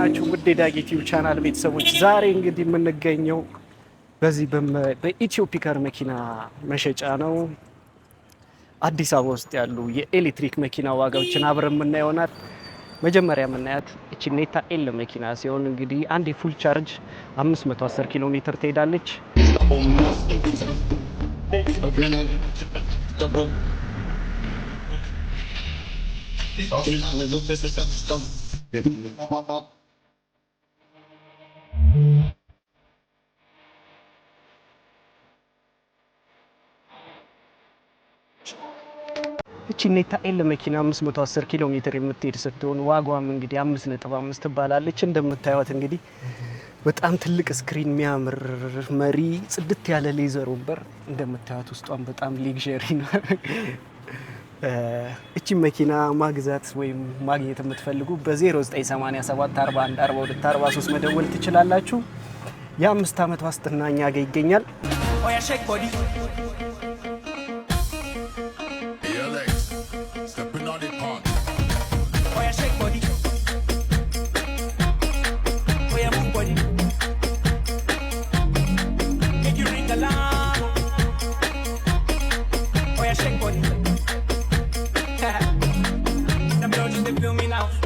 ናችሁ? ውድ ዳጊ ቻናል ቤተሰቦች ዛሬ እንግዲህ የምንገኘው በዚህ በኢትዮ መኪና መሸጫ ነው። አዲስ አበባ ውስጥ ያሉ የኤሌክትሪክ መኪና ዋጋዎችን አብረን የምናየው መጀመሪያ የምናያት እቺ ኔታ ኤል መኪና ሲሆን እንግዲህ አንድ የፉል ቻርጅ 510 ኪሎ ሜትር ትሄዳለች። ኔታ ኤል መኪና 510 ኪሎ ሜትር የምትሄድ ስትሆን ዋጓም እንግዲህ አምስት ትባላለች። እንደምታዩት እንግዲህ በጣም ትልቅ ስክሪን የሚያምር መሪ ጽድት ያለ ሌዘር ወንበር እንደምታዩት ውስጧን በጣም ሌግዠሪ ነው። እቺ መኪና ማግዛት ወይም ማግኘት የምትፈልጉ በ0987 42 43 መደወል ትችላላችሁ። የአምስት ዓመት ዋስትና እኛ ጋ ይገኛል።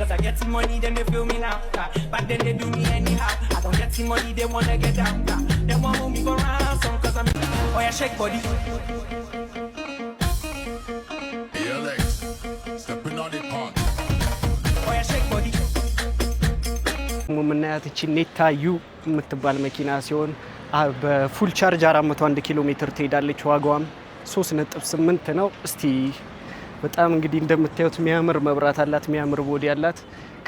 Cause I get some money, then they feel me now. Nah. Back then they do me anyhow. I don't get some money, they wanna get down. Nah. They want move me for ransom, cause I'm. Oh yeah, shake body. የምናያት እቺ ኔታዩ የምትባል መኪና ሲሆን በፉል ቻርጅ 401 ኪሎ ሜትር ትሄዳለች። ዋጋዋም 3.8 ነው። እስቲ በጣም እንግዲህ እንደምታዩት የሚያምር መብራት አላት፣ የሚያምር ቦዲ አላት።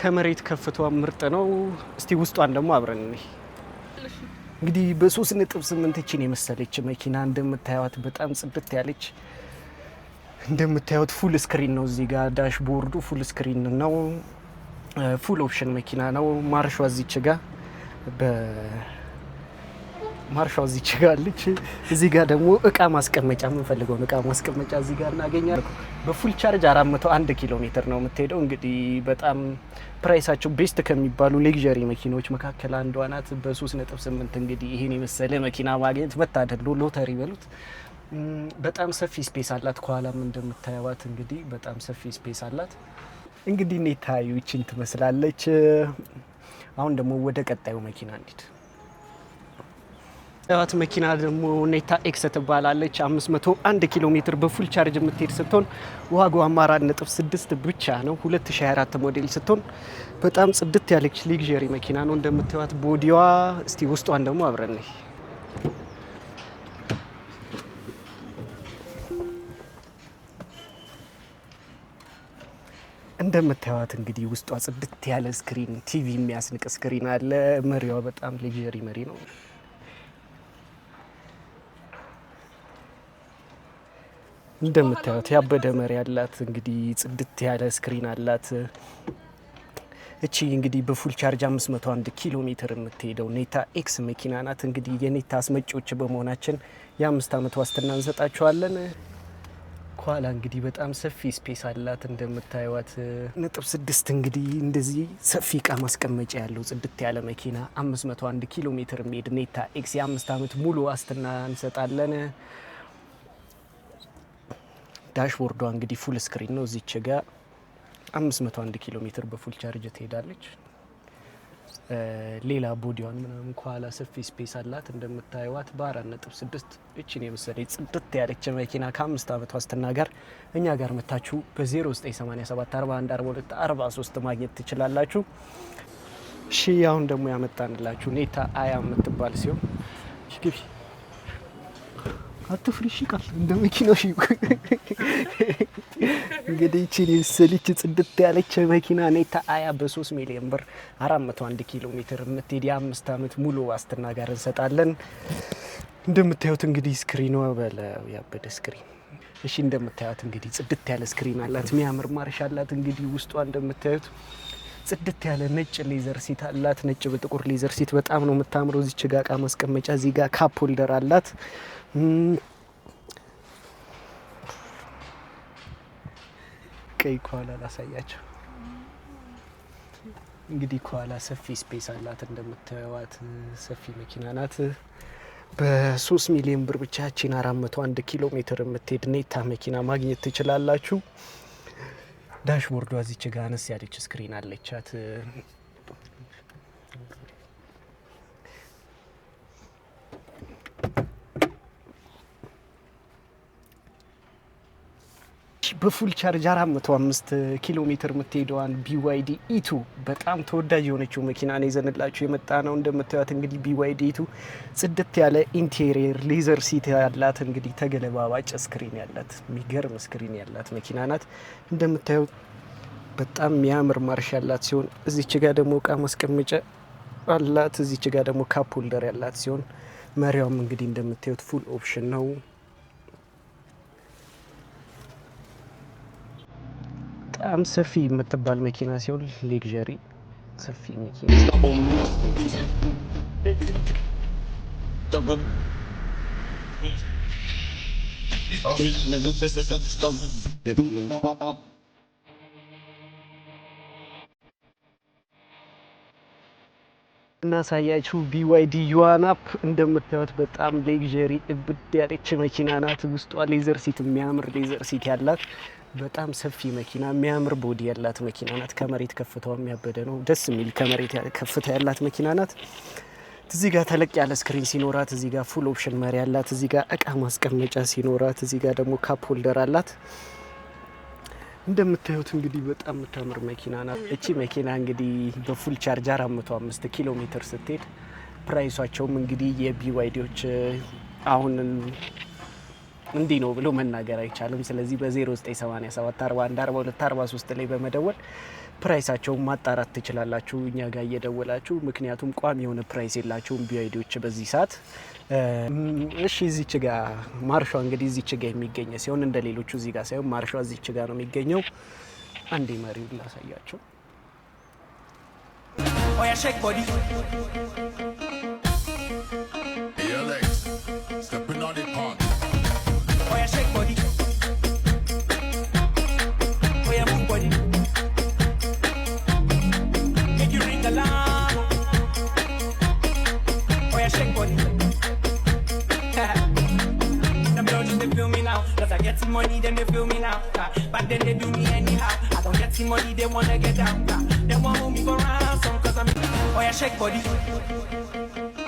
ከመሬት ከፍቷ ምርጥ ነው። እስቲ ውስጧን ደግሞ አብረን እንግዲህ በሶስት ነጥብ ስምንት ችን የመሰለች መኪና እንደምታዩት በጣም ጽድት ያለች እንደምታዩት ፉል ስክሪን ነው። እዚህ ጋር ዳሽቦርዱ ፉል ስክሪን ነው። ፉል ኦፕሽን መኪና ነው። ማርሿ እዚች ጋር ማርሻው እዚህ ችጋለች። እዚህ ጋር ደግሞ እቃ ማስቀመጫ የምንፈልገውን እቃ ማስቀመጫ እዚህ ጋር እናገኛለን። በፉል ቻርጅ 401 ኪሎ ሜትር ነው የምትሄደው። እንግዲህ በጣም ፕራይሳቸው ቤስት ከሚባሉ ሌግዠሪ መኪናዎች መካከል አንዷ ናት። በ3.8 እንግዲህ ይህን የመሰለ መኪና ማግኘት መታደል ነው። ሎተሪ በሉት። በጣም ሰፊ ስፔስ አላት። ከኋላም እንደምታየዋት እንግዲህ በጣም ሰፊ ስፔስ አላት። እንግዲህ እኔ ታዩ ይችን ትመስላለች። አሁን ደግሞ ወደ ቀጣዩ መኪና እንሂድ። ጠዋት መኪና ደግሞ ኔታ ኤክስ ትባላለች 501 ኪሎ ሜትር በፉል ቻርጅ የምትሄድ ስትሆን ዋጋው አማራ ነጥብ 6 ብቻ ነው። 2024 ሞዴል ስትሆን በጣም ጽድት ያለች ሊግዥሪ መኪና ነው እንደምታዩት ቦዲዋ። እስቲ ውስጧን ደግሞ አብረን እንደምታዩት እንግዲህ ውስጧ ጽድት ያለ ስክሪን ቲቪ የሚያስንቅ ስክሪን አለ። መሪዋ በጣም ሊግሪ መሪ ነው። እንደምታዩት ያበደ መሪ አላት። እንግዲህ ጽድት ያለ ስክሪን አላት። እቺ እንግዲህ በፉል ቻርጅ 501 ኪሎ ሜትር የምትሄደው ኔታ ኤክስ መኪና ናት። እንግዲህ የኔታ አስመጪዎች በመሆናችን የአምስት ዓመት ዋስትና እንሰጣችኋለን። ከኋላ እንግዲህ በጣም ሰፊ ስፔስ አላት እንደምታዩት ነጥብ ስድስት እንግዲህ እንደዚህ ሰፊ እቃ ማስቀመጫ ያለው ጽድት ያለ መኪና 501 ኪሎ ሜትር የሚሄድ ኔታ ኤክስ የአምስት ዓመት ሙሉ ዋስትና እንሰጣለን። ዳሽቦርዷ እንግዲህ ፉል ስክሪን ነው። እዚች ጋ 501 ኪሎ ሜትር በፉል ቻርጅ ትሄዳለች። ሌላ ቦዲዋን ምናምን ከኋላ ሰፊ ስፔስ አላት። እንደምታየዋት በአራት ነጥብ ስድስት እችን የመሰለ ጽድት ያለች መኪና ከአምስት ዓመት ዋስትና ጋር እኛ ጋር መታችሁ በ0987414243 ማግኘት ትችላላችሁ። ሺ አሁን ደግሞ ያመጣንላችሁ ኔታ አያ የምትባል ሲሆን ግቢ አትፍሪሽ ቃል እንደ መኪናው እንግዲህ እቺ የሰልች ጽድት ያለች መኪና ኔታ አያ በ3 ሚሊዮን ብር 401 ኪሎ ሜትር የምትሄድ የአምስት ዓመት ሙሉ ዋስትና ጋር እንሰጣለን። እንደምታዩት እንግዲህ ስክሪኑ በለ ያበደ ስክሪን እሺ፣ እንደምታዩት እንግዲህ ጽድት ያለ ስክሪን አላት። የሚያምር ማርሽ አላት። እንግዲህ ውስጧ እንደምታዩት ጽድት ያለ ነጭ ሌዘር ሲት አላት። ነጭ በጥቁር ሌዘር ሲት በጣም ነው የምታምረው። እዚች ጋ እቃ ማስቀመጫ እዚህ ጋ ካፕ ሆልደር አላት። ቀይ ኳላ ላሳያቸው። እንግዲህ ከኋላ ሰፊ ስፔስ አላት። እንደምታዩዋት ሰፊ መኪና ናት። በሶስት ሚሊዮን ብር ብቻ ቺን አራት መቶ አንድ ኪሎ ሜትር የምትሄድ ኔታ መኪና ማግኘት ትችላላችሁ። ዳሽቦርዷ እዚች ጋ አነስ ያለች ስክሪን አለቻት። በፉል ቻርጅ 405 ኪሎ ሜትር የምትሄደዋን ቢዋይዲ ኢቱ በጣም ተወዳጅ የሆነችው መኪና ነው ይዘንላችሁ የመጣ ነው። እንደምታዩት እንግዲህ ቢዋይዲ ኢቱ ጽድት ያለ ኢንቴሪየር ሌዘር ሲት ያላት እንግዲህ ተገለባባጭ ስክሪን ያላት የሚገርም ስክሪን ያላት መኪና ናት። እንደምታዩት በጣም የሚያምር ማርሽ ያላት ሲሆን እዚች ጋ ደግሞ እቃ ማስቀመጫ አላት። እዚች ጋ ደግሞ ካፕ ሆልደር ያላት ሲሆን መሪያውም እንግዲህ እንደምታዩት ፉል ኦፕሽን ነው። በጣም ሰፊ የምትባል መኪና ሲሆን ሌግዠሪ ሰፊ እናሳያችሁ ቢዋይዲ ዩዋናፕ እንደምታዩት በጣም ሌግዠሪ እብድ ያለች መኪና ናት። ውስጧ ሌዘር ሲት የሚያምር ሌዘር ሲት ያላት በጣም ሰፊ መኪና የሚያምር ቦዲ ያላት መኪና ናት። ከመሬት ከፍታዋ የሚያበደ ነው። ደስ የሚል ከመሬት ከፍታ ያላት መኪና ናት። እዚህ ጋር ተለቅ ያለ ስክሪን ሲኖራት፣ እዚህ ጋር ፉል ኦፕሽን መሪ አላት። እዚህ ጋር እቃ ማስቀመጫ ሲኖራት፣ እዚህ ጋር ደግሞ ካፕ ሆልደር አላት። እንደምታዩት እንግዲህ በጣም የምታምር መኪና ናት። እቺ መኪና እንግዲህ በፉል ቻርጅ 405 ኪሎ ሜትር ስትሄድ ፕራይሷቸውም እንግዲህ የቢዋይዲዎች አሁን እንዲህ ነው ብሎ መናገር አይቻልም። ስለዚህ በ0987414243 ላይ በመደወል ፕራይሳቸውን ማጣራት ትችላላችሁ እኛ ጋር እየደወላችሁ። ምክንያቱም ቋሚ የሆነ ፕራይስ የላቸውም ቢዋይዲዎች በዚህ ሰዓት። እሺ እዚች ጋ ማርሿ እንግዲህ እዚች ጋ የሚገኘ ሲሆን እንደ ሌሎቹ እዚህ ጋ ሳይሆን ማርሿ እዚች ጋ ነው የሚገኘው። አንዴ መሪውን ላሳያቸው። they feel me now. Cause I get some money, then they feel me now. but then they do me anyhow. I don't get some money, they wanna get down. they want me for ransom, cause I'm. Oh, yeah, shake body.